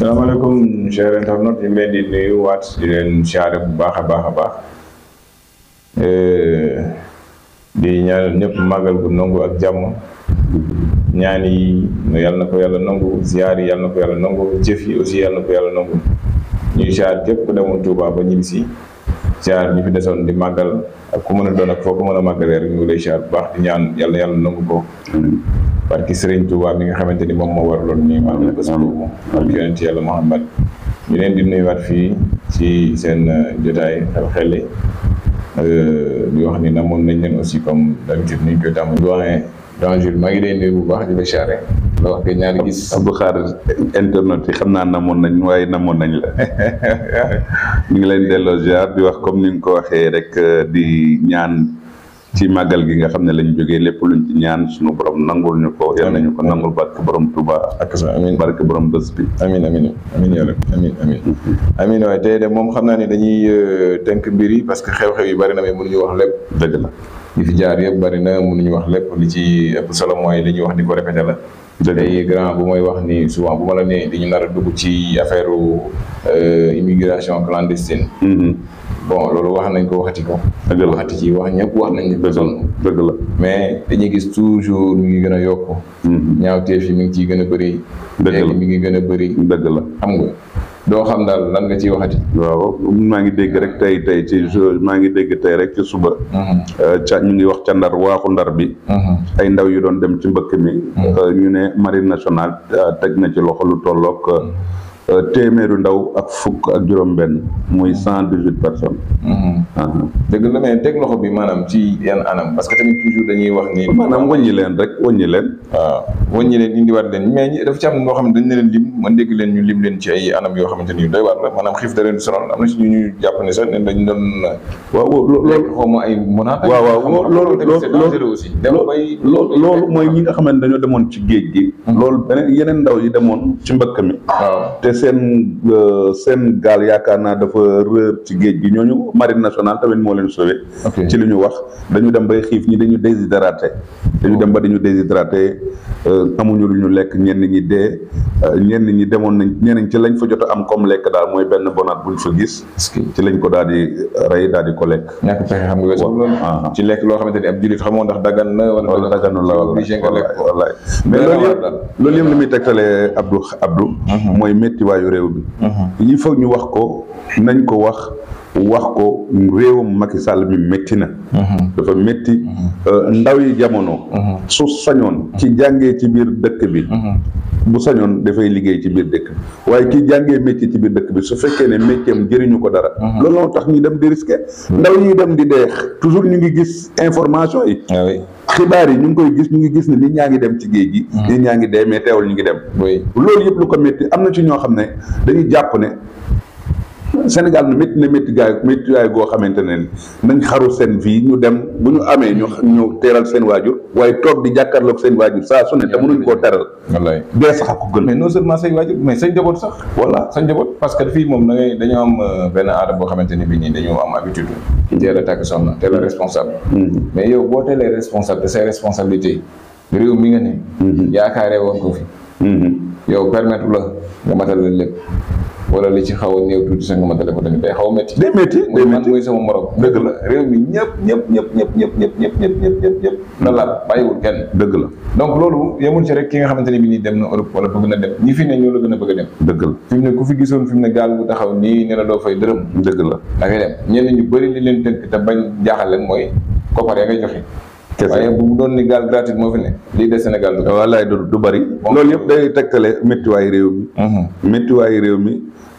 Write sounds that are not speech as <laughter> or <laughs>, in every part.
salaamaaleykum chers internautes yi leen di nuyu waat di leen siyaare bu baax a baax a baax eh, di ñaanal ñëpp màggal bu nangu ak jàmm ñaani yi yàlla na ko yàlla nangu ziyaar yi yàlla na ko yàlla nangu jëf yi aussi yàlla na ko yàlla nangu ñuy siyaar képp ku demoon Touba ba siyaar ñu fi desoon di màggal ak ku mën a doon ak foo ko mën a màggalee rek ñu ngi lay siyaar baax ñaan yàlla yàlla nangu ko parce que Serigne Touba mi nga xamante ni moom moo waraloon ñu màggal bés boobu ak yonent yàlla Muhammad ñu leen di nuyuwaat fii ci seen euh, jotaay xel xel yi euh, di wax ni namoon nañ leen aussi comme d'habitude ni ñu koy tàmm doyen donc Jules maa ngi lay nuyu bu baax di la siyaare la gis. Abdou Khadre yi xam naa namoon nañ waaye namoon nañ la <laughs> ñu ngi leen delloo ziar di wax comme ni nga ko waxee rek euh, di ñaan ci màggal gi nga xam ne lañ jógee lépp luñ ci ñaan suñu borom nangul ñu ko yal nañu ko nangul barke borom Touba. ak sa amiin barke borom bés bi. amiin amiin amiin yàlla amiin moom xam naa ne dañuy euh, tënk mbir yi parce que xew-xew yi bari na mais mënuñu wax lépp. dëgg la. li fi jaar yëpp bari na mënuñu wax lekk li ci ëpp solo mooy li ñuy wax di ko répété la. tey grand bu may wax ni souvent bu ma la nee dañu nar a dugg ci affaire euh, immigration clandestine. Mm-hmm. bon loolu wax nañ ko waxati ko. dëgg la waxati ci wax ñëpp wax nañ. dëgg la dëgg la mais dañuy gis toujours mi ngi gën a yokk. Mm-hmm. ñaawteef yi mi ngi ciy gën a bëri. dëgg la mi ngi gën a bëri. dëgg la xam nga doo xam daal lan nga ciy waxati. waaw maa ngi dégg rek tey tey ci maa ngi dégg tey rek ci suba. Mm-hmm. Euh, ca ñu ngi wax ca ndar waaxu ndar bi. Mm-hmm. ay ndaw yu doon dem ci mbëkk mi. Euh, ñu ne marine national euh, teg na ci loxo lu tollook Euh, téeméeru ndaw ak fukk ak juróom-benn muy cent dix huit personnes. Mm-hmm. Uh-huh. dëgg la mais teg loxo bi maanaam ci yan anam parce que tamit toujours dañuy wax ni. maanaam wëññi leen rek wëññi leen. waaw ah, wëññi leen indiwaat leen mais dafa ci am loo xam ne dañ leen lim ma dégg leen ñu lim leen ci ay anam yoo xamante ni doy waar la maanaam xiif da leen sonal am na si ñu ne dañu waaw loolu xaw ma ay mënaat. waaw dem bay loolu mooy ñi nga xamante dañoo demoon ci géej gi. Mm-hmm. loolu beneen yeneen ndaw yi demoon ci mbëkk mi. Ah. seen euh, seen gaal yaakaar naa dafa rër ci géej gi ñooñu marine nationale tamit moo leen sauvé ci li ñu wax dañu dem bay xiif ñi dañu déshydraté dañu dem ba dañu déshydraté euh, amuñu lu ñu lekk ñenn ñi dee euh, ñenn ñi demoon nañ ñenn ñi ci lañ fa jot am comme lekk daal mooy benn bonaat buñ fa gis ci lañ ko daal di rey daal di ko lekk ñàkk pexe xam nga loolu ci lekk loo xamante ni ab jullit xamoo ndax daggan na wala dagganu la wala mais loolu yëpp loolu yëpp muy tegtalee Abdou Abdou mhm. mooy métti jubluwaayu réew mi. Mhm. il faut ñu wax ko nañ ko wax wax ko réewam Macky Sall mi métti na mhm. dafa métti mhm. euh, ndaw yi jamono mhm. su sañoon ci jàngee ci biir dëkk bi bu sañoon dafay liggéey ci biir dëkk bi waaye kii jàngee métier ci biir dëkk bi su fekkee ne métier jëriñu ko dara loolu moo tax ñu dem di risqué ndaw ñuy dem di deex toujours ñu ngi gis information yi ah xibaar yi ñu ngi koy gis ñu ngi gis ne nit ñaa ngi dem ci géej gi nit ñaa ngi dee mais teewul ñu ngi dem loolu yëpp lu ko métti am na ci ñoo xam ne dañuy jàpp ne Sénégal na métti na métti gaay métti gaay goo xamante ne nañ xarul seen vie ñu dem bu ñu amee ñu ñu teeral seen waajur waaye toog di jàkkaarloog seen waajur saa su ne te mënuñ koo teral wallaay dee sax ko gën mais non seulement njaboot sax voilà sañ njaboot parce que fii moom da ngay dañoo am euh, boo xamante ni bi nii dañoo am habitude teel a tàkk soxna teel a responsable mm. mais yow boo teelee responsable te say responsabilité réew mi nga ne mm-hmm. yaakaaree woon ko fi mm-hmm. yow permettre la nga matal lépp wala li ci xaw a néew tuuti sax nga mën a def ko tamit day xaw a métti. day métti day métti sama morom. dëgg la réew mi ñëpp ñëpp ñëpp ñëpp ñëpp ñëpp ñëpp ñëpp ñëpp ñëpp ñëpp. na kenn. dëgg la donc loolu yemul ci rek ki nga xamante ne bi nii dem na Europe wala bëgg na dem ñi fi ne ñoo la gën a bëgg a dem. dëgg la fi mu ne ku fi gisoon fi mu ne gaal bu taxaw nii ne la doo fay dërëm. dëgg la da ngay dem ñenn ñu bëri li leen tënk te bañ jaaxal leen mooy koppar ya ngay joxe waaye bu doon ni gaal gratuite moo fi ne lii de Sénégal du wallaay du du bëri loolu yëpp day tegtale méttiwaay réew mi mhm. méttiwaay réew mi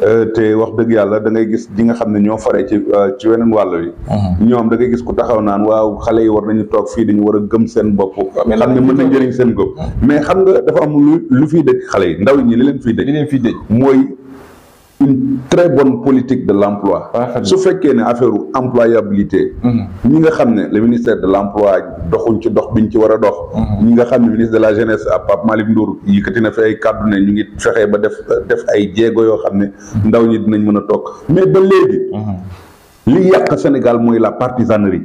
euh, te wax dëgg yàlla da gis ñi nga xam ne ñoo fare ci euh, ci weneen wàll wi mhm. ñoom da ngay gis ku taxaw naan waaw xale yi war nañu toog fii dañu war gëm seen bopp xam ne mën na njëriñ seen bopp mhm. mais xam nga dafa am lu lu fiy dëkk xale yi ndaw ñi li leen fiy dëkk mooy une très bonne politique de l'emploi su fekkee ne affaire employabilité mhm. ñi nga xam ne le ministère de l'emploi doxuñ ci dox biñ ci war a dox mhm. ñi nga xam ne ministre de la jeunesse à Pape Malick Ndour yëkkati na fi ay kàddu ne ñu ngi fexee ba def def ay jéego yoo xam ne mhm. ndaw ñi dinañ mën a toog mais ba léegi li yàq Sénégal mooy la partisanerie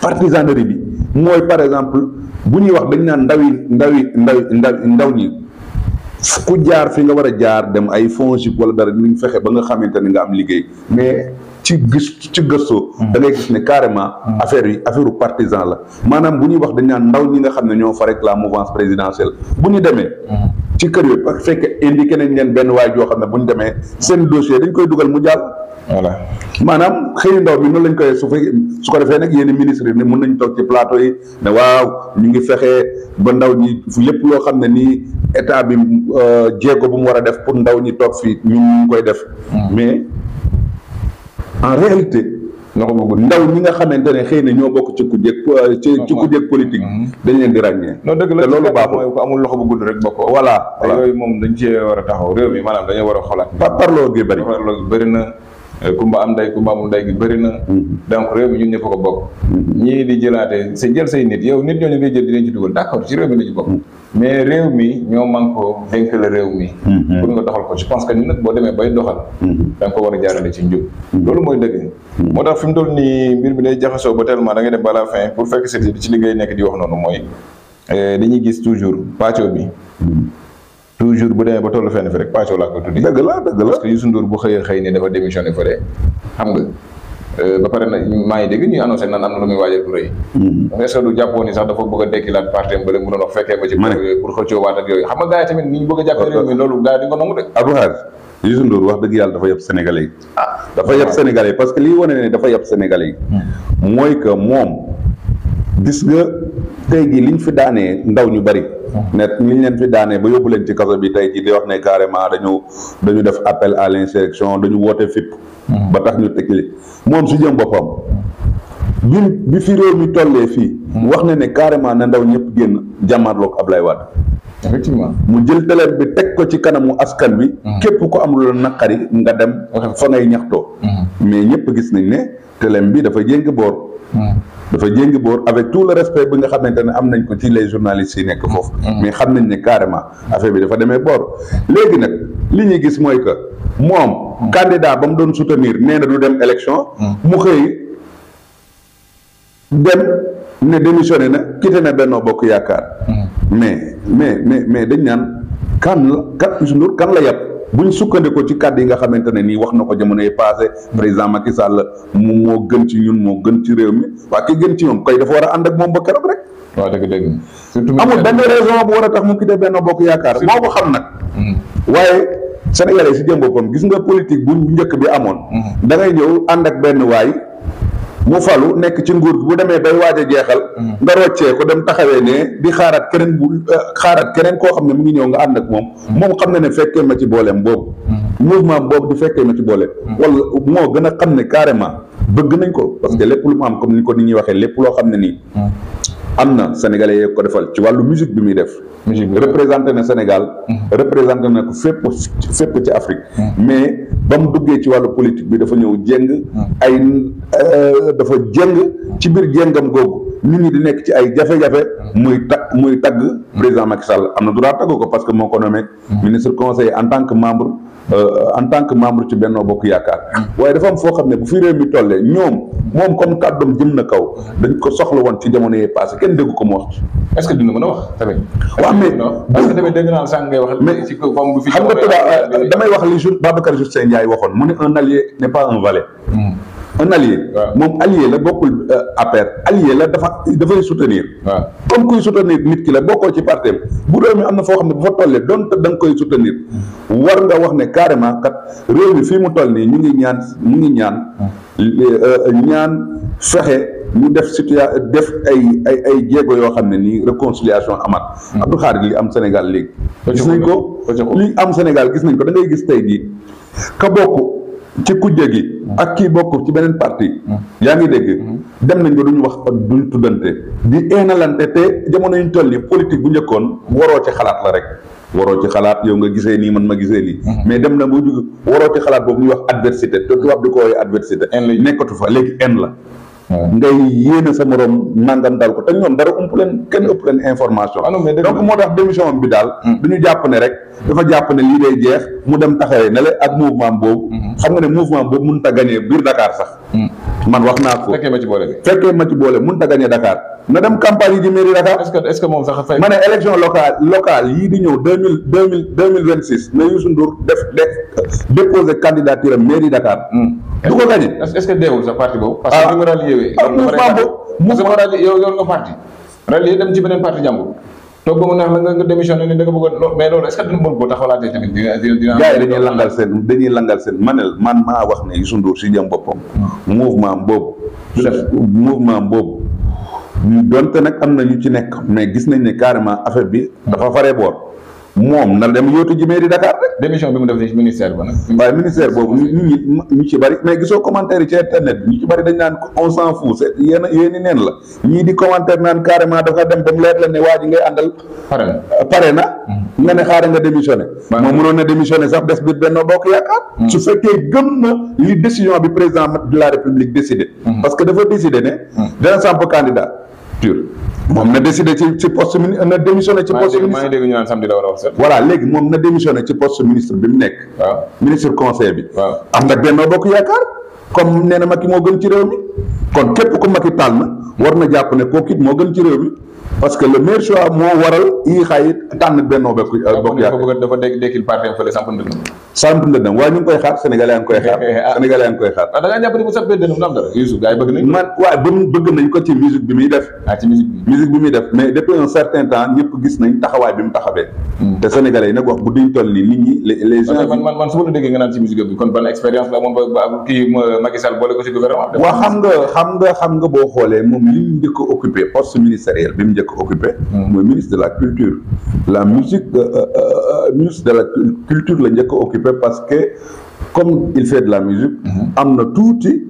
partisanerie bi mooy par exemple bu ñuy wax dañ naan ndaw yi ndaw yi ndaw ndaw ñi ku jaar fi nga war a jaar dem ay fonds wala dara dinañ fexe ba nga xamante ne nga am liggéey mais ci gis ci gëstoo. Hmm. da ngay gis ne carrément. Hmm. affaire yi affaire partisan la maanaam bu ñuy wax dañ naan ndaw ñi nga xam ne ñoo fa rek la mouvance présidentielle bu ñu demee. Hmm. ci kër yooyu parce que fekk indiqué nañ leen benn waay joo xam ne bu ñu demee seen dossier dañ koy dugal mu jàll. voilà maanaam xëy ndaw bi noonu lañ koy su su ko defee nag yenn ministre yi ne mun nañ toog ci plateau yi ñu ngi fexe. ba ndaw ñi fu lépp loo xam ne nii état bi euh, jéego bu mu war a def pour ndaw ñi toog fii ñu ngi koy def. Hmm. mais en réalité. nga ko ndaw ñi nga xamante ne xëy na ñoo bokk ci ku jéeg euh, ci ci ku jéeg politique. Hmm. dañ leen di ràññee. non dëgg la te loolu baaxul mooy ku amul loxo bu gudd rek bokkoo. voilà yooyu moom dañ cee war a taxaw réew mi maanaam dañoo war a xoolaat. par gi bëri parloo gi bëri na. Euh, kumba am nday kumba amul nday gi bëri na mm-hmm. donc réew mi ñun ñëpp ko bokk mm-hmm. ñii di jëlaate sa jël say nit yow nit ñooñu ngay jël dinañ ci dugal d'accord ci réew mi la bokk mm-hmm. mais réew mi ñoo man ko dénk la réew mi pour nga doxal ko je pense que ni nag boo demee bay doxal da nga ko war a jaarale ci njub loolu mooy dëgg moo tax fi mu toll nii mbir bi day jaxasoo ba tellement da ngay dem ba la fin pour fekk seti ci li ngay nekk di wax noonu mooy eh, dañuy gis toujours pàccoo bi toujours bu demee ba tollu fenn fi rek Paco laa koy tuddi dëgg la dëgg la parce que Youssou Ndour bu xëyee xëy ne dafa démissionné fële xam nga euh, ngi dégg ñuy annoncé naan am na lu muy waajal lu rëy hmm. est-ce que dafa bëgg a dekkilaat parti ba mu doon wax bëgg a jàppee réew dëgg yàlla dafa yab Sénégalais yi ah. dafa yab Sénégalais yi parce que lii wane ne dafa yab Sénégalais yi hmm. mooy que moom gis nga tey jii liñ fi daanee ndaw ñu bari mm-hmm. ne liñ leen fi daanee ba yóbbu leen ci kaso bi tey jii di wax ne carrément dañu dañu def appel àll l'insurrection dañu woote fipp mm-hmm. ba tax ñu teg li moom su jëm boppam bi fi réew mi tollee fii mu mm-hmm. wax na ne carrément na ndaw ñëpp génn jàmmaarloog ab Wade effectivement mu jël teleer bi teg ko ci kanamu askan bi képp ko am la naqari nga dem fa ngay ñaxtoo mais ñëpp gis nañ ne teleem bi dafa jéng boor dafa jéngi boor avec tout le respect bi nga xamante ne am nañ ko ci les journalistes yi nekk foofu. Mm-hmm. mais xam nañ ne carrément affaire bi dafa demee boor. léegi nag li ñuy gis mooy que moom. Mm-hmm. candidat ba mu doon soutenir nee na du dem élection. Mm-hmm. mu xëy dem ne démissionné na quitté na Benno Bokk Yaakaar. mais mais mais mais dañ naan kan la kan Youssou Ndour kan la yàpp bu ñu sukkandiku ci kàddu yi nga xamante ne nii wax na ko jamono yi passé président Macky Sall mu moo gën ci ñun moo gën ci réew mi waa ki gën ci moom koy dafa war a ànd ak moom ba keroog rek. waaw dëgg dëgg surtout amul benn raison bu war a tax mu quitté benn Bokk Yaakaar moo ko xam nag. Hmm. waaye Sénégalais si jëm boppam gis nga politique bu njëkk bi amoon. Hmm. da ngay ñëw ànd ak benn waay. mu falu nekk ci nguur gi bu demee bay waaj a jeexal mm. nga roccee ko dem taxawee ne bi xaaraat keneen bu euh, xaaraat keneen koo xam ne mu ngi ñëw nga ànd ak moom mm. moom xam na ne fekkee ma ci booleem boobu mm. mouvement boobu di fekkee ma ci booleem wala moo gën a xam ne carrément bëgg nañ ko parce que lépp lu mu am comme ni ko ni ñuy waxee lépp loo xam ne nii am na sénégalais yee ko defal ci wàllu musique bi muy def. musique bi représenté na Sénégal. Mm-hmm. représenté na ko fépp fépp ci Afrique. Mm-hmm. mais ba mu duggee ci wàllu politique bi dafa ñëw jéng. Mm-hmm. ay euh, dafa jëng ci biir jéngam googu. nit ñi di nekk ci ay jafe-jafe mm. muy tag muy tagg mm. président Macky Sall am na droit tagg ko parce que moo ko nommé mm. ministre conseiller en tant que membre euh, en tant que membre ci Benno Bokk Yaakaar waaye dafa am foo xam ne bu fi réew mi tollee ñoom moom comme kàddoom jëm na kaw dañ ko soxla woon ci jamono yee passé kenn dégg ko mu wax ci est-ce que dina mën a wax tamit waaw mais parce wax mais xam nga damay wax li jour Babacar Justin Ndiaye waxoon mu ne un allié n'est un allié. moom allié la bokkul euh, APR allié la dafa dafay soutenir. waaw comme kuy soutenir nit ki la bokkoo ci parti bu réew mi am na foo xam ne bu fa tollee donte da nga koy soutenir war nga wax ne carrément kat réew mi fii mu toll nii ñu ngi ñaan ñu ngi euh, euh, ñaan. fexe ñu def situa def ay ay ay jéego yoo xam ne nii réconciliation amat. Hmm. Abdou Khadre li am Sénégal léegi. gis nañ ko li am Sénégal gis nañ ko da gis tey jii ka bokk. ci kujje gi ak kii bokk ci beneen parti yaa ngi dégg dem nañ ba duñ wax ak duñ tuddante di eenalante te jamono ñu toll ni politique bu njëkkoon waroo ci xalaat la rek waroo ci xalaat yow nga gisee nii man ma gisee nii mais dem na bu jug waroo ci xalaat boobu ñuy wax adversité te tubaab di ko woowee adversité nekkatu fa léegi en la ngay yéene sa morom nangam dal ko te ñoom dara ëpp leen kenn ëpp leen information. Ah donc moo tax démission bi daal. Hmm. du ñu jàpp ne rek. dafa jàpp ne lii day jeex mu dem taxawee nele ak mouvement boobu. Hmm. xam nga ne mouvement boobu mënut a gagné biir dakaar sax. Hmm. man wax naa ko fekkee ma ci boole bi fekkee ma ci boole mun ta gagné Dakar na dem campagne yi di mairie Dakar. est-ce que est-ce di ñëw deux mille deux mille vingt six na Youssou Ndour def def déposer candidature mairie Dakar. Hmm. du ko gagné. est deewul sa parti boobu. parce que ah. bi ah, dem ci beneen parti jàmbur. toog ba mu neex la nga nga démissionné ni da nga bëgg a mais loolu est-ce que dina bëgg ko taxawalaatee tamit dina dina. gars yi dañuy langal seen dañuy langal seen manel man maa wax ne Youssou Ndour si jëm boppam. mouvement boobu. mouvement boobu. donte nag am na ñu ci nekk mais gis nañ ni carrément affaire bi dafa faree boor. moom na dem yóotu ji mairie Dakar rek. démission bi mu def ci ministère ba nag. waaye ministère boobu ñu ñu ñu ci bari mais gisoo commentaire ci internet bi ñu dañ naan on s'en fout c'est yéen yéen neen la ñii di commentaire naan carrément dafa dem ba mu leer la ne waa ji ngay àndal. pare na pare na. Mm-hmm. nga ne xaaral nga démissionné. moom mënoon na démissionné sax des biir Benno Bokk Yaakaar. Mm-hmm. su fekkee gëm na li décision bi président de la république décidé. Mm-hmm. parce que dafa décidé ne. dana samp candidat. moom na décidé ci ci poste mini na démissionné ci poste ministre maa ngi dégg ñu naan samedi la war a wax sax voilà léegi moom na démissionné ci poste ministre bi mu nekk waaw ministre conseil bi waaw am na Benno Bokk Yaakaar comme nee na Macky moo gën ci réew mi kon képp ku Macky tànn na war na jàpp ne kooku moo gën ci réew mi parce que le meilleur choix moo waral yi xaay tànn Benno Bokk ah, Yaakaar dafa dégg dékkil parti fële samp ndëndëm samp ndëndëm waaye ñu ngi koy xaar sénégalais yaa ngi koy xaar <laughs> ah. sénégalais yaa ngi koy xaar ah, man waaye ba bëgg nañ ko ci musique bi muy def mais depuis un certain temps ñëpp gis nañ taxawaay bi mu taxawee hmm. te sénégalais yi nag wax bu duñ toll ni nit ñi les gens man man man déggee nga naan ci musique bi kon ban expérience la moom ba kii Macky Sall boole boo xoolee moom li bi nekk occupé mooy ministre de la culture la musique euh, euh, euh, ministre de la culture la njëkk a parce que comme il fait de la musique mhm. am na tuuti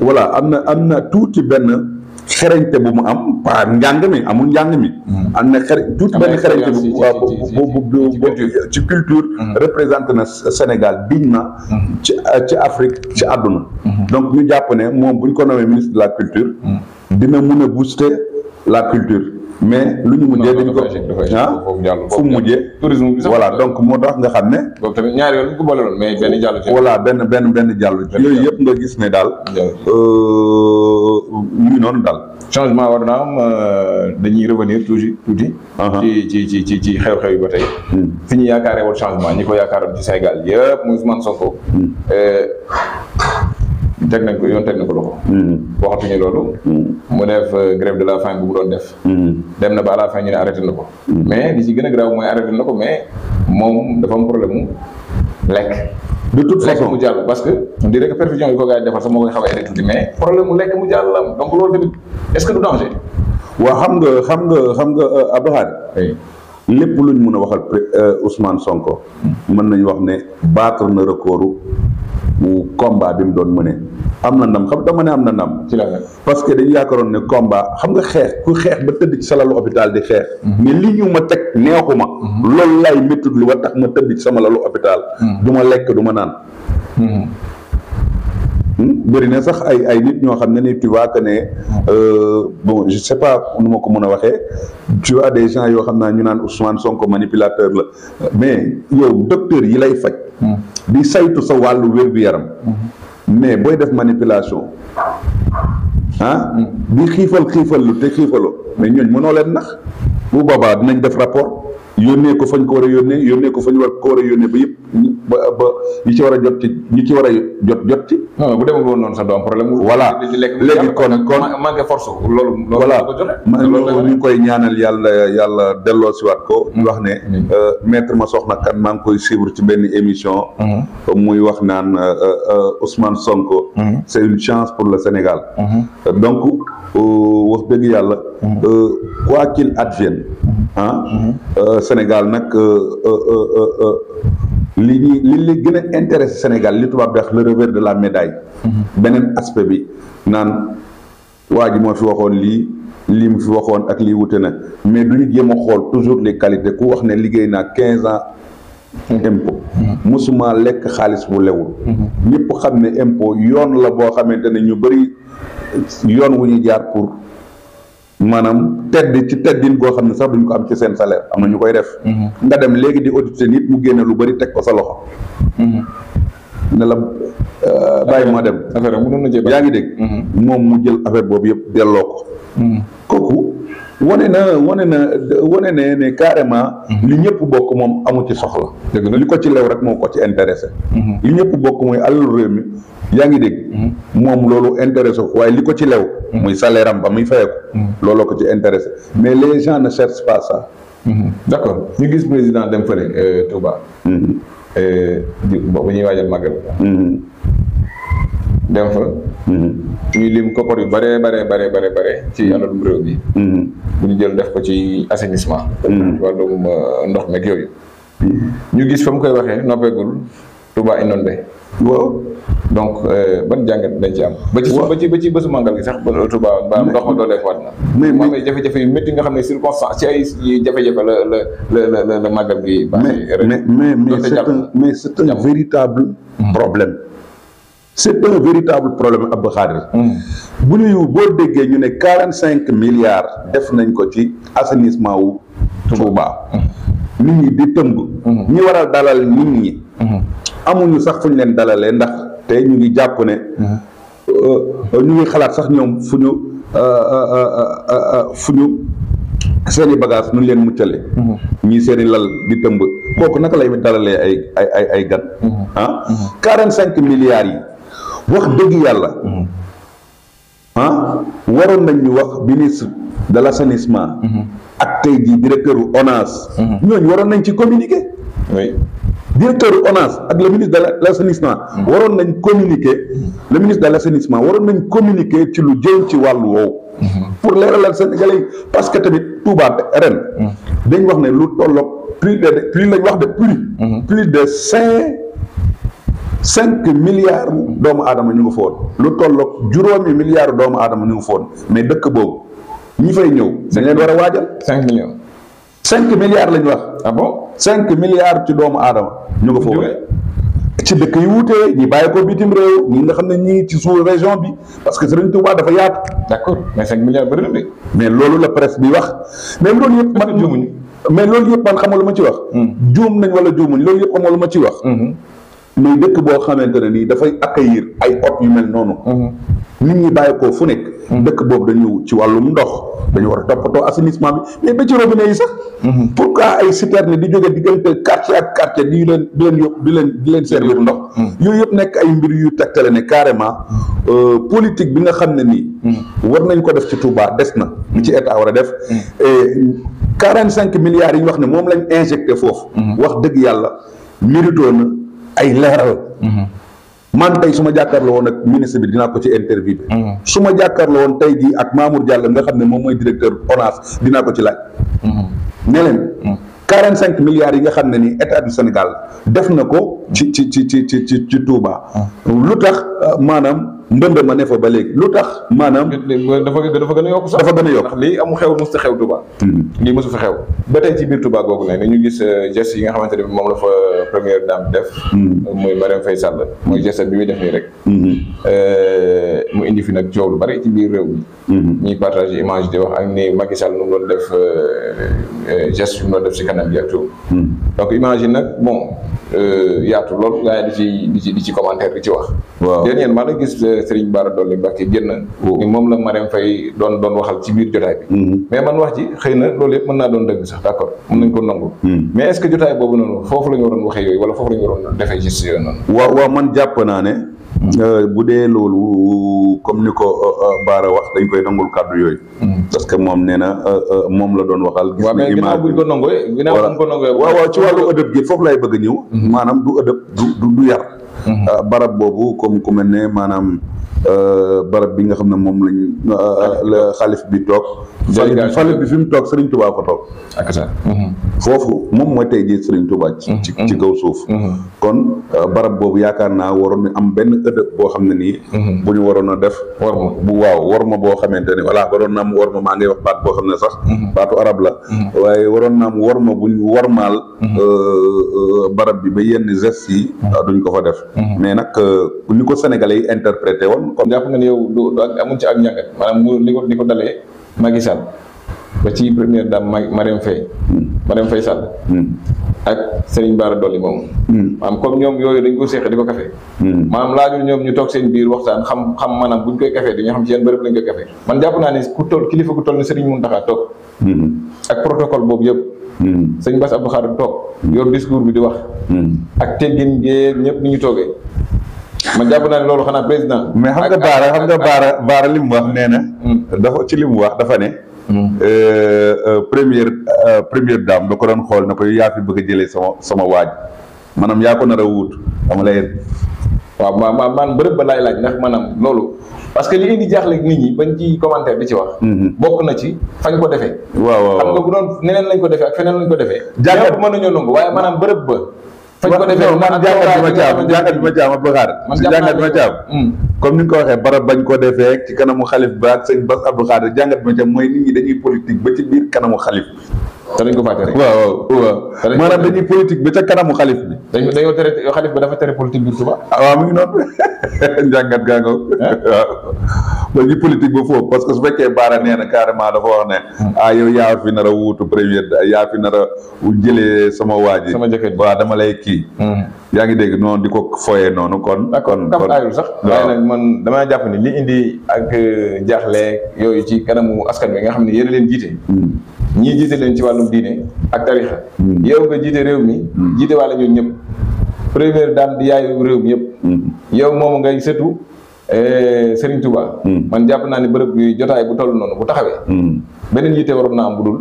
voilà am na am na tuuti benn xereñte bu mu am pa mi amul njàng mhm. am na xere tuuti benn xereñte bu bu ci culture mhm. représenté na Sénégal dignement ci ci Afrique ci àdduna donc ñu jàpp ne moom bu ñu ko nommé ministre de la culture dina mun a booster la culture mais lu ñu mujjee dañ ko ah fu mu mujjee tourisme bi voilà donc moo tax nga xam ne boobu tamit ñaari yoon ko boole woon mais benn jàll benn benn benn jàll yooyu yëpp nga gis ne daal euh, ngi noonu daal changement war naa am euh, dañuy revenir toujours tuuti uh-huh. ci ci ci ci ci xew-xew yi ba tey hmm. fi ñu yaakaaree woon changement ñi ko yaakaaroon ci Sénégal yëpp mu Ousmane Sonko hmm. euh, teg nañ ko yoon Mm-hmm. waxatuñu loolu. Mm-hmm. mu def euh, grève de la faim bu mu doon def. Mm-hmm. dem na ba à la fin ñu ne arrêté na ko. mais li ci gën a grave mooy arrêté na ko mais moom dafa am problème mu lekk. de toute mu jàll parce que on dirait que ko gars yi a aidé tuuti mais problème mu lekk mu jàll la am donc loolu tamit est-ce que du danger. waaw xam nga xam nga xam nga euh, Abdou Khadre. lépp luñ mën a waxal euh, Ousmane Sonko. Mm. mën nañu wax ne battre na record u combat bi mu doon mëne am na ndam xam dama ne am na ndam. parce que dañu yaakaaroon ne combat xam nga xeex ku xeex ba tëdd ci salalu hôpital di xeex. Mhm. mais li ñu ma teg neexuma. Mhm. loolu laay métti lu ba tax ma tëdd ci sama lalu hôpital. Mhm. du ma lekk duma naan. Hmm? bëri na sax ay ay nit ñoo xam ne ni tu vois que ne euh, bon je sais pas nu ma ko mën a waxee tu vois des gens yoo xam naa ñu naan Ousmane Sonko manipulateur la mais yow docteur yi lay faj. Hmm. di saytu sa wàllu wér-gu-yaram. Hmm. mais booy def manipulation ah bi xiifal xiifal lu te xiifaloo mais ñooñ mënoo leen nax bu boobaa dinañ def rapport yónnee ko fa ko war a yónnee ko fañ war ko war a yónnee ba yëpp ñi ci war a jot ci ñi ci a jot jot ci. non bu demee woon noonu sax du am problème. voilà léegi kon kon manqué loolu. ñu koy ñaanal yàlla yàlla delloo siwaat ko. mu wax ne mm-hmm. euh, maître ma soxna kan maa ngi koy suivre ci benn émission. Mm-hmm. muy wax naan euh, euh, Ousmane Sonko. Mm-hmm. c'est une chance pour le Sénégal. donc wax dëgg yàlla. quoi qu'il advienne ah. Sénégal nag euh, euh, euh, li ñuy li li gën a intéressé Sénégal li tubaab di le revers de la médaille. Mhm. beneen aspect bi naan waa ji moo fi waxoon lii lii mu fi waxoon ak lii wute na mais du ñu jéem a xool toujours les qualités ku wax ne liggéey naa quinze ans. impôt mhm. musuma lekk xaalis bu lewul mhm. ñëpp xam ne impôt yoon la boo xamante ne ñu bëri yoon wu ñu jaar pour. maanaam tedd ci teddin goo xam ne sax duñ ko am ci seen salaire am na ñu koy def. Mhm. nga dem léegi di auditer nit mu génne lu bari teg ko sa loxo. Mhm. ne la euh, bàyyi ma dem. affaire yaa ngi dégg. Mhm. moom mu jël affaire boobu yëpp delloo ko. kooku wane na wane na wane ne ne carrément. Mhm. li ñëpp bokk moom amu ci soxla. dëgg la li ko ci lew rek moom ko ci intéresé mhm. li ñëpp bokk mooy alalu réew mi yaa ngi dégg. Mhm. moom loolu intéressé ko waaye li ko ci lew. muy salaire am ba muy fayeku. looloo ko ci intéresé mais les gens ne cherchent pas ça. accord ñu gis président dem fële euh, Touba. Euh, di ñuy waajal màggal. dem fa. ñuy lim koppar yu bare bare bare bare bare ci alalu réew mi. bu ñu jël def ko ci assainissement. Mm. wàllum euh, ndox meeg yooyu. ñu gis fa mu koy waxee noppeegul Touba inondé. waaw donc euh, ban jàngat dañ ci am. ba ci ba ci ba ci bésu màggal gi sax ba Touba ba ndox ma dooleekuwaat na. mais mais mais jafe-jafe yu métti nga xam ne circonstance ci ay jafe-jafe la la la la la màggal gi. baaxee ren mais mais mais mais c'est véritable mm. problème. c'est un véritable problème Abdou Khadir hmm. bu ñuy boo déggee ñu ne quarante cinq milliards def nañ ko ci assainissement wu Touba hmm. nit ñi di tëmb hmm. ñi war dalal nit ñi amuñu sax fu ñu leen dalalee ndax te ñu ngi jàpp ne euh, ñu ngi xalaat sax ñoom fu ñu euh, euh, fu ñu seen i bagage nu leen muccale ñii seen i lal di tëmb kooku naka lay dalalee ay ay ay ay gan ah quarante cinq milliards yi wax dégg yàlla mhm. ah waroon nañ ñu wax ministre de l' assainissement mhm. ak tey jii directeur u ONAS mhm. ñooñu waroon nañ ci communiquer oui directeur ONAS ak le ministre de l' assainissement waroon nañ communiqué le ministre de l' waroon nañ communiquer ci lu jëm ci wàllu woowu pour leeralal Sénégalais yi parce que tamit Touba ren dañ wax ne lu tolloog plus de plus lañ wax de plus plus de cinq cinq milliards doomu aadama ñu ngi foon lu tolloog juróomi milliards doomu aadama ñu ngi foon mais dëkk boobu ñi fay ñëw. dañ leen war a waajal. cinq millions. cinq milliards wax. ah bon cinq milliards ci doomu aadama. ñu ngi foon ci dëkk yi wuute ñi bàyyi ko bitim réew ñi nga xam ne ñii ci sous région bi parce que Serigne Touba dafa yaatu. d'accord mais cinq milliards bëri na mais loolu la presse bi wax. mais loolu yëpp man juumuñ mais loolu yëpp man xamul ma ci wax. Hmm. juum nañ wala juumuñ loolu yëpp xamul ma ci wax. Hmm. muy dëkk boo xamante ne nii dafay accueillir ay ot yu mel noonu. Mhm. nit ñi bàyyi ko fu nekk. Mhm. dëkk boobu dañu ci wàllum ndox dañu war a toppatoo assainissement bi mais ba ci robinet yi sax. Mhm. pourquoi ay citerne di jóge diggante quartier ak quartier di leen di leen yóbbu di leen leen servir ndox. yooyu yëpp nekk ay mbir yu tegtale ne carrément euh, politique bi nga xam ne nii. war nañ ko def ci Touba des na. li ci état war a def. quarante cinq milliards yi ñu wax ne moom lañ injecté foofu. wax dëgg yàlla mérito ay leeral. Mhm. man tey su ma jàkkaarloo woon ak ministre bi dinaa ko ci interview bi. Mhm. su ma jàkkaarloo woon tey jii ak Mamour Diallo nga xam ne moom mooy directeur ONAS dinaa ko ci laaj. Mhm. ne leen. cinq milliards yi nga xam ne ni état du Sénégal def na ko. ci ci ci ci ci ci Touba. lu tax euh, maanaam. ndënd ma ne fa ba léegi lu tax maanaam. dafa dafa gën a yokk sax dafa gën a yokk ndax lii amul xew mosut a xew Touba. Mhm. lii mosu fi xew ba tey ci biir Touba googu ne ñu gis euh, geste yi nga xamante ne moom la fa première dame def. Mhm. muy Marième Faye Sall mooy geste bi muy def nii rek. Mhm. Euh, mu indi fi nag coow lu bari ci biir réew mi. Mhm. ñuy partager image di wax ak ni Macky Sall nu mu def euh, euh, geste bi mu def si kanam bi ak tout. Mhm. donc image yi nag bon yaatu lool gaa yi di ci di ci wax. waaw dernièrement gis Serigne Bara Dolly Mbacké moom la Marème Faye doon doon waxal ci biir jotaay bi. Mhm. mais na loolu yëpp mën doon dëgg sax d' ko nangu. mais est ce boobu noonu foofu la yooyu wala foofu la ñu waroon defee geste man jàpp naa ne. Euh, bu dee loolu comme ni ko euh, euh, Baara wax dañ koy nangul kàddu yooyu. Hmm. parce que moom nee na moom la doon waxal. gis na image bi ko nangoyee ginnaaw buñ ko nangoyee. waaw ci wàllu ëdëb gi foofu lay bëgg ñëw. Hmm. maanaam du ëdëb du du yar. Hmm. barab boobu comme ku ne maanaam. Euh, barab bi nga xam ne moom lañ euh, la xalif bi toog xalif bi fi mu toog Serigne Touba fa toog ak mhm. foofu moom mooy tey jii Serigne Touba mhm. ci ci kaw suuf mhm. kon euh, barab boobu yaakaar naa waroon na am benn ëdëb boo xam ne nii bu ñu waroon a def war bu waaw war ma boo xamante ne voilà waroon na am war ma maa boo xam ne sax baatu arab la waaye waroon na am war ma bu ñu barab bi ba yenn gestes yi duñ ko fa def mais nag ni ko sénégalais yi interprété woon kon jàpp nga ne yow du du ak amuñ ci ak ñàkk maanaam mu di ko dalee Macky Sall ba ci première dame Marième Faye hmm. Marième Faye Sall hmm. ak Serigne Bara Dolly moom hmm. maanaam comme ñoom yooyu dañ ko seeqe di ko kafe maanaam laajul ñoom ñu toog seen biir waxtaan xam xam maanaam buñ koy kafe dañoo xam ci yeen bërëb lañ koy kafe man jàpp naa ne ku toll kilifa ku toll ni Serigne Mountakha toog ak protocole boobu yëpp sëñ Bass Abdou Khadre toog yor discours bi di wax ak teggin géer ñëpp ni ñu toogee ma jàpp naa ne loolu xanaa président. mais xam nga Baara xam nga Baara Baara li mu wax nee na. Hmm. dafa ci li mu wax dafa ne. Hmm. Euh, euh, première euh, première dame da ko doon xool na ko yaa fi bëgg a jëlee sama sama waaj maanaam yaa ko nar a wuut dama lay. waaw ma man bërëb ba laay laaj ndax maanaam loolu parce que li indi jaaxle nit ñi bañ ci commentaire bi ci wax. Hmm. bokk na ci fañ ko defee. waaw waaw xam nga bu doon neneen lañ ko defee ak feneen lañ ko defee. jàngat mën nañoo ko waaye maanaam bërëb ba. fañ ko defee man jàngat bi ma caam jàngat bi ma caam a baxaar si jàngat bi ma caam mm. comme ni nga ko waxee barab bañ ko defee ci kanamu xalif ba ak sëñ Bass Abdou Khadre jàngat bi ma caam mooy nit ñi dañuy politique ba ci biir kanamu xalif dañ ko fàtte rek waaw waaw maanaam dañuy politique ba ca kanamu xalif bi. dañoo dañoo tere xalif ba dafa tere politique bi Tuuba. ah waaw mu ngi noonu <laughs> njàngat gaa nga <laughs> waaw dañuy ba foofu parce que su fekkee Baara nee na carrément dafa wax ne. Hmm. ah yow yaa fi nar a wuutu première yaa fi nar a jëlee sama waa ji. sama jëkkër waaw dama lay kii. Hmm. yaa ngi dégg noonu di ko fooyee noonu kon. kon kon ayul sax. waaye nag man damaa jàpp ni li indi ak euh, jaaxle yooyu ci kanamu askan bi nga xam ne yéen leen jiite. Hmm. ñii jiite leen ci wàllu wàllum diine ak tarixa hmm. yow nga jiite réew mi hmm. jiite wàlla ñun ñëpp première dame di yaayu réew mi yëpp hmm. yow moom ngay sëtu eh, Serigne Touba man jàpp naa ne bërëb bi jotaay bu toll noonu bu taxawee beneen yitte waroon naa am bu dul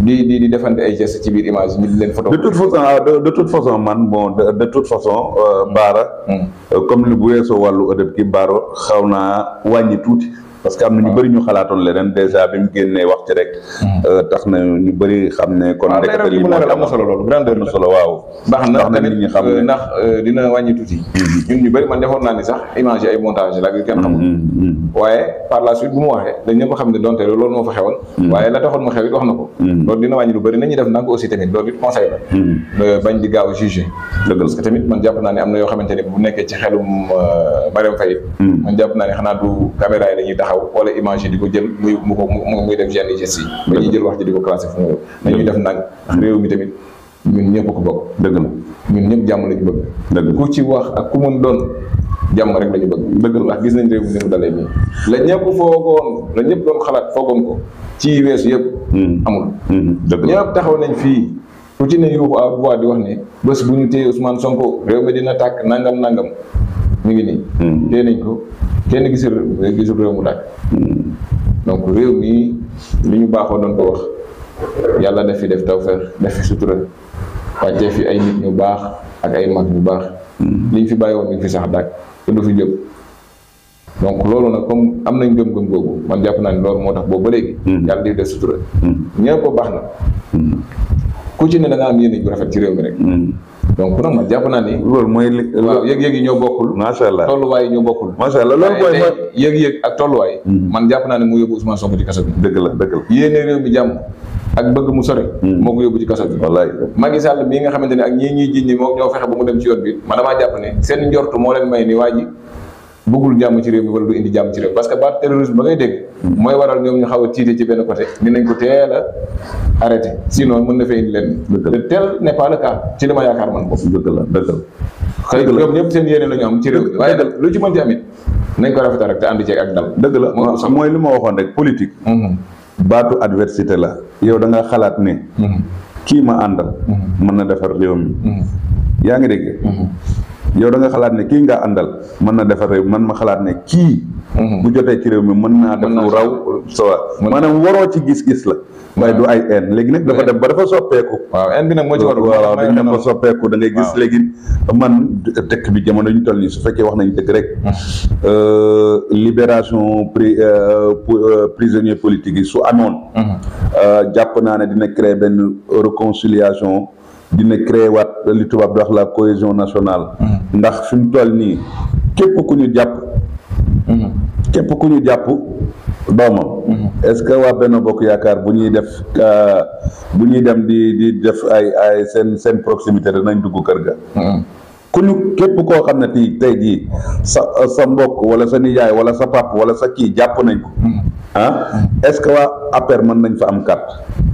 di di di defante ay gestes ci biir image ñu di leen photo de toute façon ah, man bon de toute façon euh, Baara euh, comme li bu weesoo wàllu ëdëb ki Baaro xaw naa wàññi tuuti parce que am na ñu bëri ñu xalaatoon leneen dèjà bi mu génnee wax rek. Hmm. Euh, tax na ñu bëri xam ne. kon rek li mu am na solo loolu grandeur na solo waaw. baax na tamit euh, ndax euh, dina wàññi tuuti. Hmm. ñun ñu bëri defoon naa ni sax image ay montage la ak yu kenn xamul. Hmm, waaye xam ne donte loolu moo fa xewoon. waaye la taxoon mu xew wax na ko. loolu dina wàññi lu bëri nañu def nag aussi tamit loolu it conseil bañ di gaaw a jugé. parce que tamit man jàpp naa ne am na yoo xamante ne bu nekkee ci xelum Mariam Faye. man jàpp naa ne xanaa du caméra yi dañuy tax taxaw xoolee image di ko jël muy mu ko muy def yenn gestes yi. ba ñuy jël wax ji di ko classé fu mu nañuy def nag réew mi tamit ñun ñëpp ko bokk. dëgg la ñun ñëpp jàmm lañu bëgg. dëgg ku ci wax ak ku mën doon jàmm rek lañu bëgg. dëgg la ndax gis nañ réew mi ni mu dalee nii. la ñëpp foogoon la ñëpp doon xalaat foogoon ko ci weesu yëpp. Hmm. amul. Hmm. dëgg la ñëpp taxaw nañ fii. ku ci ne yuuxu à voix di wax ne bës bu ñu téye Ousmane Sonko réew mi dina tàkk nangam nangam. ñu ngi nii. Hmm. téye nañ ko kenn gisul gisul réew mu tàkk. Hmm. donc réew mi li ñu baaxoo doon ko wax yàlla daf fi def tawfeex daf fi sutura wàccee fi ay nit ñu baax ak ay mag ñu baax. Hmm. liñ fi bàyyi woon mi ngi fi sax dàkk te fi jëm. donc loolu nag comme am nañ gëm-gëm boobu man jàpp naa ne loolu moo tax boobu ba léegi. yàlla di def sutura. ñëpp ko baax na. ku ci ne da nga am yéene ju rafet ci réew mi rek. donc nag ma jàpp naa ni. loolu mooy li waaw yëg-yëg yi ñoo bokkul. macha allah tolluwaay yi ñoo bokkul. macha allah loolu mooy ak tolluwaay. Hmm. man jàpp naa ne mu yóbbu Ousmane Sonko ci kaso bi. dëgg la dëgg la jàmm ak bëgg mu sore. Hmm. moo ko yóbbu ci kaso bi. wallaay Macky nga xamante ne ak ñii ñuy jiñ moo moom ñoo fexe ba mu dem ci yoon bi man damaa jàpp ne seen njort moo leen may ni waa ji bëggul jàmm ci réew mi wala du indi jàmm ci réew parce que baat terrorisme ba ngay dégg mooy waral ñoom ñu xaw a tiite ci benn côté dinañ ko teel a arrêté sinon mën na fay indi te tel n'est pas ci li ma yaakaar man boobu. dëgg la dëgg la xëy na ñoom ñëpp seen yéene la ñu am ci réew mi lu ci mën ci nañ ko rafetal rek te ànd ceeg ak dëgg la mooy li ma waxoon rek politique. Mhm. baatu adversité la. yow da xalaat ne. Mhm. kii ma àndal. Mhm. mën na defar réew yaa ngi dégg. yow da nga xalaat ne kii nga àndal mën na defar réew man ma xalaat ne kii. Mhm. bu jotee ci réew mi mën naa def lu raw sowa maanaam waroo ci gis-gis la waaye du ay haine léegi nag dafa dem ba dafa soppeeku waaw haine moo ci war waaw dañ dem ba soppeeku da ngay gis léegi man dëkk bi jamono ñu toll nii su fekkee wax nañ dëgg rek mhm. euh, libération pri euh, euh, prisonnier politique yi su amoon mhm. jàpp naa ne dina créer benn réconciliation dina créer waat li tubaab di wax la cohésion nationale. Mm-hmm. ndax fi mu toll nii képp ku ñu jàpp. Mm-hmm. képp ku ñu jàpp doomam. Mm-hmm. est-ce que waa benn bokk yaakaar bu ñuy def bu ñuy dem di di def ay ay seen seen proximité danañ dugg kër ga. ku ñu képp koo xam ne tey tey jii sa sa mbokk wala sa nijaay wala sa pap wala sa kii jàpp nañ ko. ah est-ce que waa APR mën nañ fa am carte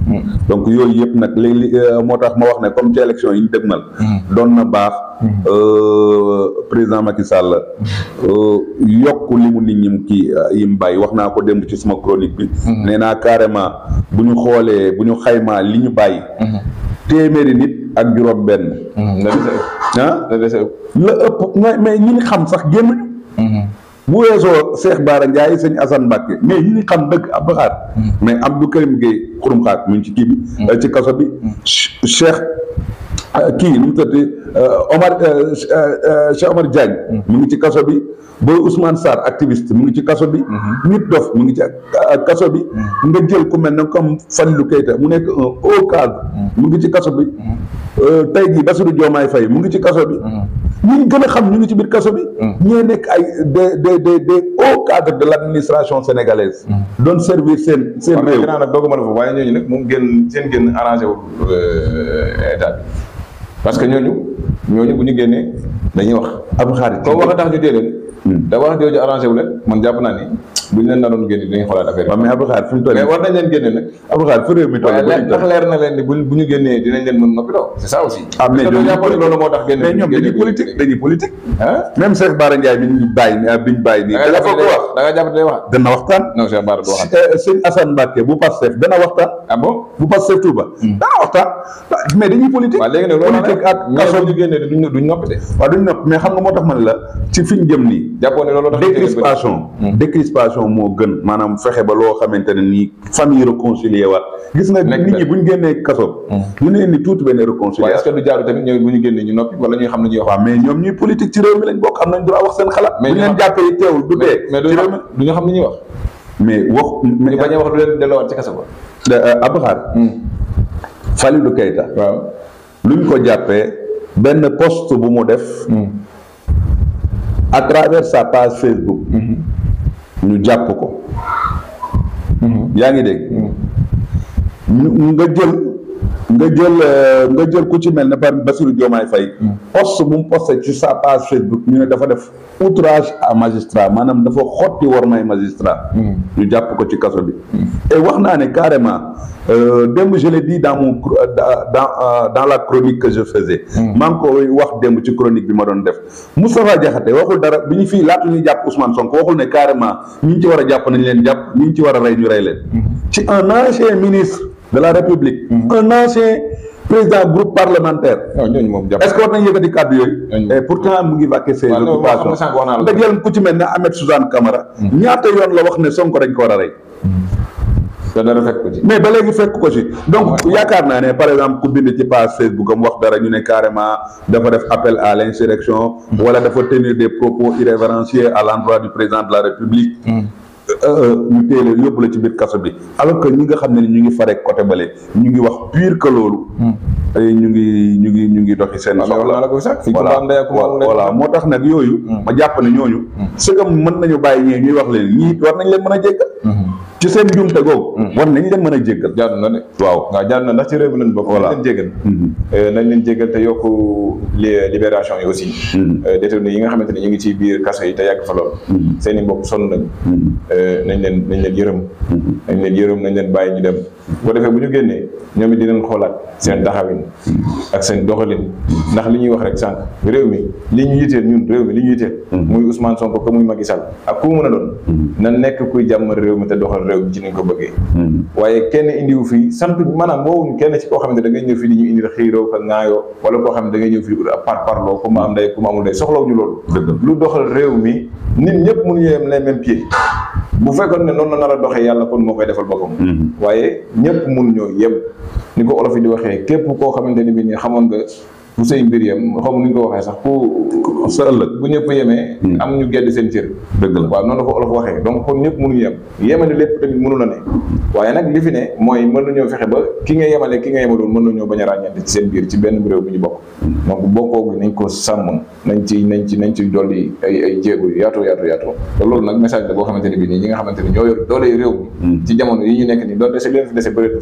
hmm. donc yooyu yëpp nag léegi euh, moo tax ma wax ne comme ci élection yi ñu dëgmal hmm. doon na baax hmm. euh, président Macky Sall euh, yokk li mu nit ñi kii yi mu bàyyi wax naa ko démb ci suma chronique bi nee naa carrément bu ñu xoolee bu ñu xaymaa li ñu bàyyi téeméeri nit ak juróom benn e ah la e ëpp xam sax génn bu weesoo Cheikh Bara Ndiaye sëñ Assane Mbacke mais ñi ñu xam dëgg ab xaar mm. mais Abdou Karim Gueye xurum xaar mu ngi ci kii bi mm. ci kaso bi mm. Cheikh kii nu mu tëddee Euh, Omar euh, euh, Cheikh Omar Diagne. Mm-hmm. mu ngi ci kaso bi Boy Ousmane Sarr activiste mu ngi ci kaso bi. Mm-hmm. Nit Dof mu ngi ci kaso bi. Mm-hmm. nga jël ku mel ne comme Fadilou Keita mu nekk un haut cadre. mu ngi ci kaso bi. tey jii Bassirou Diomaye fay mu ngi ci kaso bi. ñi ñu gën a xam ñu ngi ci biir kaso bi. ñee nekk ay des de des des hauts cadres de l' administration sénégalaise. doon servir seen seen réew. waaw nag dooguma la fa waaye ñooñu nag moom génn seen génn arrangé état parce que ñooñu ñooñu bu ñu génnee dañuy wax am xaalis koo wax a tax ñu dee leen hmm. da wax jooju arrangé wu man jàpp naa ni bu ñu leen naroon génne dañuy xoolaat affaire yi mais Abdou Khadre na leen ni bu ñu génnee dinañ leen mën noppi doo c'est ça ah, loolu moo tax génne mais ñoom dañuy politique dañuy politique ah même Cheikh Bara Ndiaye bi ñu bàyyi ni bi ñu bàyyi nii wax da jàpp day wax dana waxtaan non Cheikh Bara wax eh, sëñ Assane Mbacké bu Pastef dana waxtaan ah bon bu Pastef Touba. daa waxtaan mais dañuy politique. waaw léegi nag loolu politique ak kaso bu ñu génnee duñ duñ noppi de. waaw duñ noppi mais hmm. moo gën maanaam fexe ba loo xamante ne nii famille réconcilier waat. gis nga nit ñi bu ñu génnee kaso. lu hmm. ne ni tuuti benn réconcilier. waaw du ñu génnee ñu noppi wala ne ñuy mais ñoom ñuy politique ci réew mi lañ bokk am nañ droit wax seen xalaat. mais ñu leen jàppee teewul du dee. ci réew mi xam ni ñuy wax. mais wax. ñu wax lu leen delloowaat ci kaso ba Euh, Aboubacar. Mm. Falidou Keita. waaw luñ ko jàppee benn post bu mu def. Mm. à travers sa page Facebook. Mm -hmm. ñu jàpp ko. -hmm. yaa ngi dégg. nga jël. nga jël euh, nga jël ku ci mel ne par Bassirou Diomaye Faye mm. post bu mu posté ci sa page Facebook ñu ne dafa def outrage à magistrat maanaam dafa xotti war may magistrat mm. ñu jàpp ko ci kaso bi mm. et wax naa ne carrément euh, démb je l'ai dit dans mon dans euh, dans la chronique que je faisais maa ngi koy wax démb ci chronique bi ma doon def Moustapha Diakhaté waxul dara bi ñu fi laatu ñuy jàpp Ousmane Sonko waxul ne carrément ñu ñu ci war a jàpp nañ leen jàpp ñu ñu ci war a rey ñu rey leen ci un ancien ministre de la République. Mm-hmm. un ancien président groupe parlementaire. moom est-ce que war nañu yëkkati kàddu yooyu. et pourtant mu ngi vaquer ses occupations dëgg yàlla ku ci mel ne Ahmed Suzanne Camara. Mm-hmm. ñaata yoon la wax ne Sonko dañ ko war a rey. Mm-hmm. mais fekk ko ci donc yaakaar naa ne par exemple ku bind ci page Facebook am wax dara ñu ne carrément dafa def appel à l'insurrection wala dafa tenir des propos irrévérencieux à l'endroit du président de la République. Euh, ñu téye leen yóbbu la ci biir kaso bi alors que ñi nga xam ne ñu ngi fare côté bale ñu ngi wax pire que loolu. Hmm. ñu ngi ñu ngi ñu ngi doxi seen soxla. voilà moo tax nag yooyu. Hmm. ma jàpp ne ñooñu. Hmm. sëgam mën nañu bàyyi ñee ñuy wax leen ñii war nañ leen mën a jéggal. ci seen njuumte googu. Mm. war nañ de mën a jéggal. jaar na ne waaw waaw jaar na ndax ci réew mi bokk. voilà nañ leen jéggal. Mm-hmm. Euh, nañ leen jéggal te yokk euh, libération yi aussi. Mm-hmm. Euh, détenu yi nga xamante ne ñu ngi ci biir kaso yi te yàgg fa lool. Mm-hmm. seen i mbokk sonn nañ. nañ leen nañ leen yërëm. nañ leen yërëm nañ leen bàyyi ñu dem. bu ko defee bu ñu génnee ñoom it dinañ xoolaat seen taxawin ak seen doxalin ndax li ñuy wax rek sànq réew mi li ñu yiteel ñun réew mi li ñu yiteel muy Ousmane Sonko ka muy Macky Sall ak ku mu mën a doon na nekk kuy jàmm réew mi te doxal réew mi ci niñ ko bëggee waaye kenn indiwu fii sant maanaam woowuñ kenn ci koo xam ne da ngay ñëw fii li ñu indil xiiroo ka ŋaayoo wala koo xam ne da ngay ñëw fii ut par parloo ku ma am day ku ma amul day soxlawuñu loolu lu doxal réew mi nit ñëpp mënuñu yem les mêmes pieds bu fekkoon ne noonu la nar a doxee yàlla kon moo koy defal boppam mm-hmm. ñëpp mun ñoo yem ni ko olof yi di waxee képp koo xamante ni bi ni xamoon nga fu say mbir yem xaw ma nu ñu ko waxee sax ku sa ëllëg bu ñëpp yemee hmm. am ñu gedd seen cër dëgg la waaw noonu la ko waxee donc kon ñëpp mënuñu yem yemale lépp tamit mënu la ne waaye nag li fi ne mooy mën nañoo fexe ba ki nga yemale ki nga yemalul mën nañoo ñëw a ràññeente ci seen biir ci benn réew bu ñu bokk donc bokkoo gi nañ ko sàmm nañ ci nañ ci nañ ci dolli ay ay jéego yu yaatu yaatu yaatu te loolu nag message la boo xamante ne bi nii ñi nga xamante ne ñoo yor doole hmm. ñu nekk nii doon dese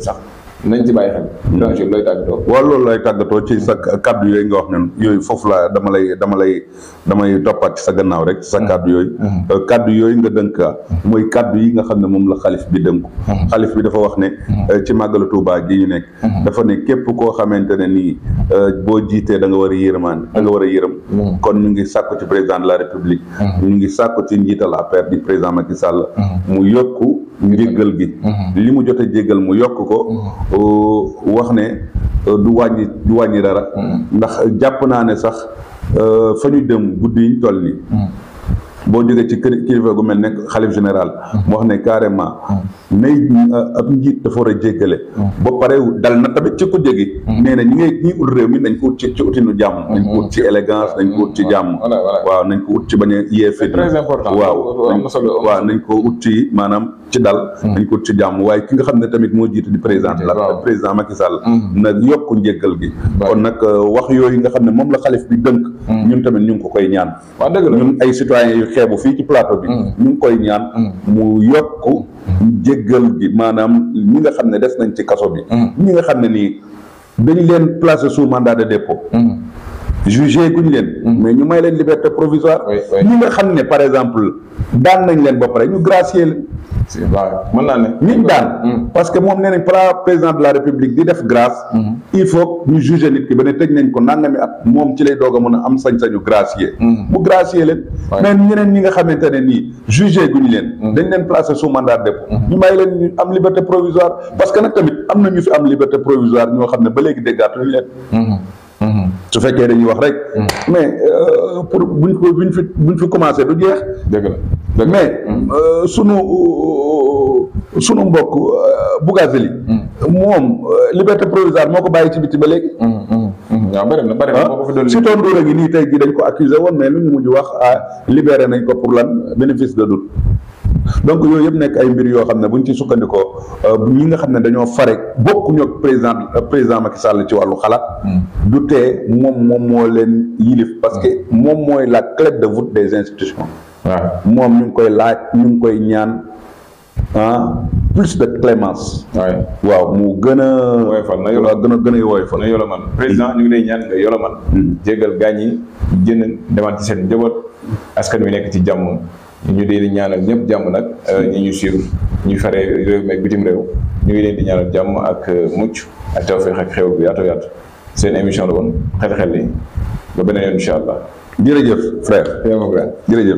sax nañ ci bàyyi xel. danger looy tàggatoo. waaw loolu lay tàggatoo ci sa kàddu yooyu nga wax ne yooyu foofu laa dama lay dama lay damay toppaat ci sa gannaaw rek. sa mm-hmm. kaddu yooyu. Mm-hmm. Euh, kàddu yooyu nga dënk ah, mm-hmm. mooy kàddu yi nga xam ne moom la xalif bi dënku. xalif bi dafa wax ne. Euh, ci màggalu Tuubaa gi ñu nekk. dafa ne képp koo xamante ne nii euh, boo jiitee da nga war a yërëmaan da nga war a yërëm. kon ñu ngi sàkku ci président de la république. ñu ngi sàkku ci njiital APR di président Macky Sall. mu yokku njéggal gi. mu jot a mu yokk ko. Euh, wax ne euh, du wàññi du wàññi dara. Mm. ndax jàpp naa ne sax euh, fa ñu dem guddi yiñ toll nii. Mm. boo jógee ci kër kilifa gu mel ne xalif général. mu wax ne carrément. nay euh, ab njiit dafa a jéggale. ba pare dal na tamit ci ku jéggi. nee na ñi ngay ñi nañ ko ut ci ci utinu nañ ko ut ci élégance nañ ko ci jàmm. Mm-hmm. waaw nañ ko ut ci bañ a yee fit. très important waaw waaw nañ ko ci maanaam ci dal. Mm-hmm. nañ ko ut ci jàmm waaye ki nga xam ne tamit moo jiitu di président la président Macky Sall. Mm-hmm. na yokk njéggal gi. kon nag euh, wax yooyu nga xam ne moom la xalif bi dënk. ñun tamit ñu ngi ko koy ñaan. ñun ay citoyens xeebu fii ci plateau bi mm. ñu ngi koy ñaan mm. mu yokk mm. jéggal gi maanaam ñi nga xam ne des nañ ci kaso bi ñi nga xam ne nii dañ leen placé sous mandat de dépôt jugé guñ leen. Mm-hmm. mais ñu may leen liberté provisoire. ñi nga xam ne par exemple daan nañ leen ba pare ñu gracier leen. c'est vrai mën naa ne. ñu daan mm-hmm. parce que moom nee nañ par président de la république di def grâce. Mm-hmm. il faut ñu jugé nit ki ba ne tëj nañ ko mi at moom ci lay doog a mën a am sañ-sañu gracier. bu gracier leen. mais ñeneen ñi nga xamante ne nii jugé guñ leen. dañ leen placé sous mandat de dépôt. ñu may leen ñu am liberté provisoire parce que nag tamit am na ñu fi am liberté provisoire ñoo xam ne ba léegi déggaatuñu leen. Mhm. su fekkee dañuy wax rek. Mhm. mais euh, pour bu ko buñ fi buñ fi commencé du jeex. dëgg la mais mhm. euh, sunu euh, sunu mbokk Bougazelli. moom liberté provisoire moo ko bàyyi ci ci ba léegi. waaw bëri na bëri na boo ah, ko fi doon si toon Ndoura gi nii tey jii dañ ko accusé woon mais lu ñu mujj wax ah libéré nañ ko pour lan bénéfice de doute. donc yooyu yëpp nekk ay mbir yoo xam ne bu ñu ci sukkandikoo euh, ñi nga xam ne dañoo fare bokkuñu ak président président Macky Sall ci wàllu xalaat. Hmm. du tee moom moom moo leen yilif parce que hmm. moom mooy la clé de voûte des institutions. waaw moom ñu ngi koy laaj ñu ngi koy ñaan ah plus de clémence. waaw mu gën a. woyofal na yola gën a gën a woyofal na yolamal président ñu ngi lay ñaan nga yolamal. Hmm. jégal gaa yi jënd demaat ci seen njaboot askan wi nekk ci jàmm. ñu dee di ñaanal ñëpp jàmm nag euh, ñi ñu suivre ñu fare réew meeg bitim réew ñu ngi leen jàmm ak euh, mucc ak tawféex ak xew bi yaatu yaatu seen émission la woon xel-xel yi ba beneen yoon incha allah. jërëjëf frère. jërëjëf.